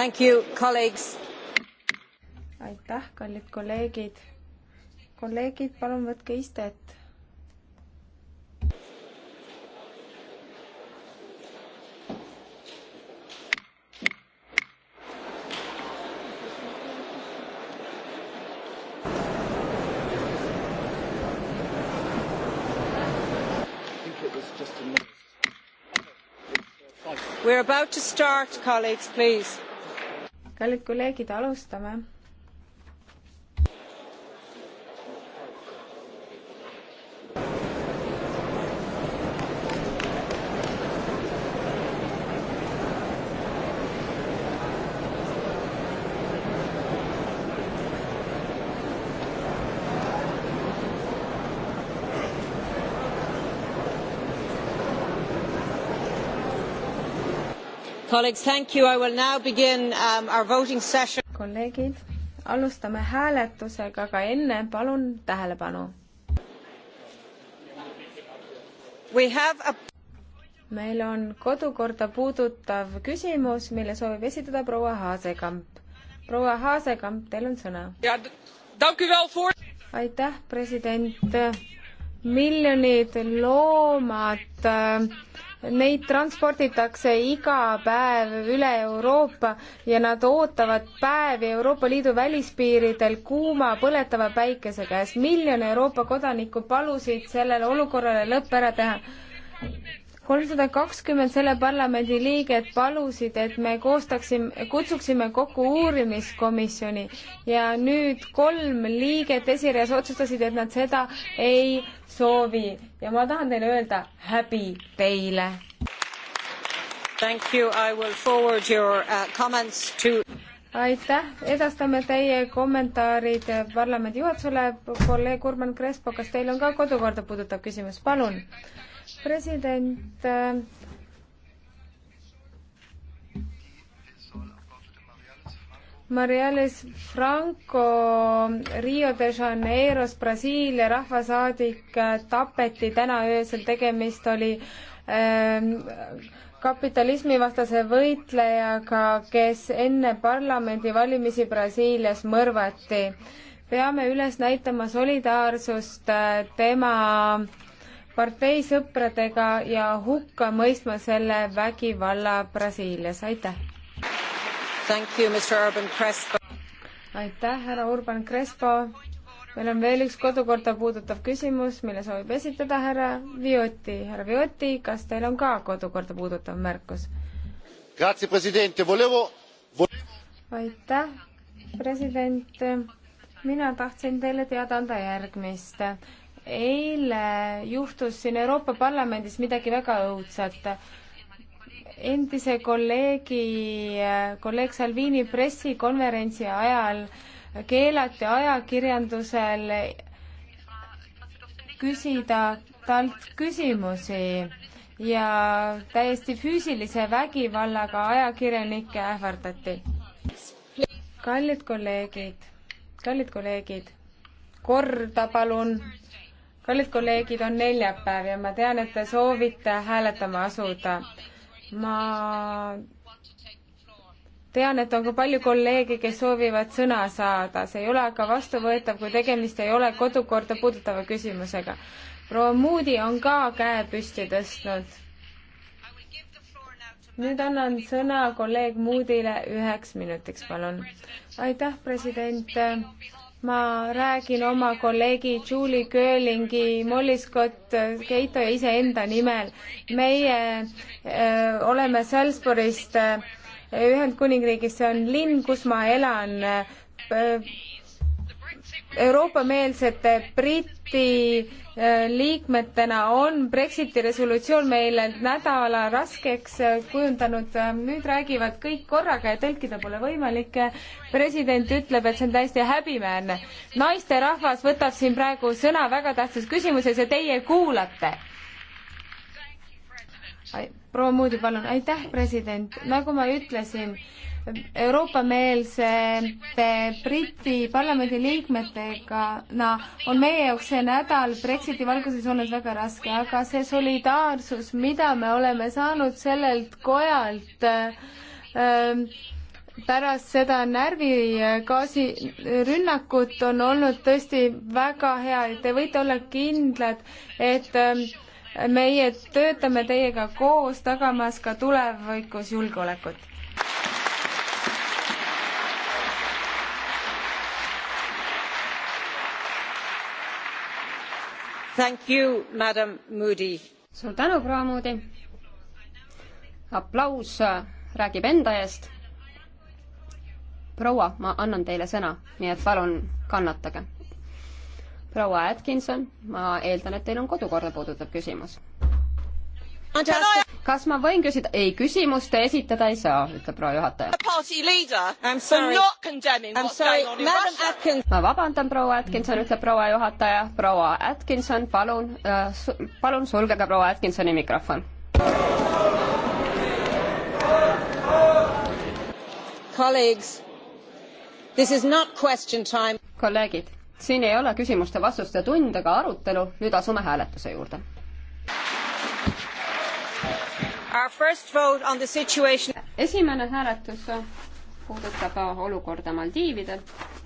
aitäh, kallid kolleegid. kolleegid, palun võtke istet. We are about to start, colleagues, please kallid kolleegid, alustame Um, kolleegid, alustame hääletusega, aga enne palun tähelepanu. A... meil on kodukorda puudutav küsimus, mille soovib esitada proua Haasekamp. proua Haasekamp, teil on sõna. For... aitäh, president. miljonid loomad äh, Neid transporditakse iga päev üle Euroopa ja nad ootavad päevi Euroopa Liidu välispiiridel kuuma põletava päikese käes. miljon Euroopa kodanikku palusid sellele olukorrale lõpp ära teha kolmsada kakskümmend selle parlamendi liiget palusid, et me koostaksime, kutsuksime kokku uurimiskomisjoni ja nüüd kolm liiget esireas otsustasid, et nad seda ei soovi ja ma tahan teile öelda häbi teile. Thank you, I will forward your uh, comments to aitäh, edastame teie kommentaarid parlamendi juhatusele. kolleeg Urman Crespo, kas teil on ka kodukorda puudutav küsimus, palun? president äh, Mariales Franco Rio de Janeiros, Brasiilia rahvasaadik äh, tapeti täna öösel, tegemist oli äh, kapitalismivastase võitlejaga, kes enne parlamendivalimisi Brasiilias mõrvati. peame üles näitama solidaarsust äh, tema äh, partei sõpradega ja hukka mõistma selle vägivalla Brasiilias, aitäh! aitäh, härra Urban Crespo! meil on veel üks kodukorda puudutav küsimus, mille soovib esitada härra Viotti. härra Viotti, kas teil on ka kodukorda puudutav märkus? Volevo... aitäh, president. mina tahtsin teile teada anda järgmist eile juhtus siin Euroopa Parlamendis midagi väga õudset. endise kolleegi, kolleeg Salvini pressikonverentsi ajal keelati ajakirjandusel küsida talt küsimusi ja täiesti füüsilise vägivallaga ajakirjanikke ähvardati. kallid kolleegid, kallid kolleegid, korda palun kallid kolleegid, on neljapäev ja ma tean, et te soovite hääletama asuda. ma tean, et on ka palju kolleege, kes soovivad sõna saada, see ei ole aga vastuvõetav, kui tegemist ei ole kodukorda puudutava küsimusega. proua Moody on ka käe püsti tõstnud. nüüd annan sõna kolleeg Moodyle üheks minutiks, palun. aitäh, president ma räägin oma kolleegi Julie Curlingi, Molly Scott, Keito ja iseenda nimel. meie öö, äh, oleme Salisburist äh, Ühendkuningriigis, see on linn, kus ma elan. Äh, Euroopa-meelsete Briti äh, liikmetena on Brexiti resolutsioon meile nädala raskeks äh, kujundanud. Äh, nüüd räägivad kõik korraga ja tõlkida pole võimalik. president ütleb, et see on täiesti häbiväärne. naisterahvas võtab siin praegu sõna väga tähtsas küsimuses ja teie kuulate proua Moody, palun, aitäh, president, nagu ma ütlesin, Euroopa-meelsete Briti parlamendi liikmetega, no on meie jaoks see nädal Brexiti valguses olnud väga raske, aga see solidaarsus, mida me oleme saanud sellelt kojalt äh, pärast seda närvigaasi rünnakut on olnud tõesti väga hea ja te võite olla kindlad, et ähm, meie töötame teiega koos, tagamas ka tulevikus julgeolekut. suur tänu, proua Moody. aplaus äh, räägib enda eest. proua, ma annan teile sõna, nii et palun kannatage. proua Atkinson, ma eeldan, et teil on kodukorda puudutav küsimus kas ma võin küsida? ei, küsimust esitada ei saa, ütleb proua juhataja. ma vabandan, proua Atkinson, ütleb proua juhataja. proua Atkinson, palun äh, su,, palun sulgege proua Atkinsoni mikrofon. kolleegid, siin ei ole küsimuste-vastuste tund ega arutelu, nüüd asume hääletuse juurde esimene hääletus puudutab olukorda Maldiividel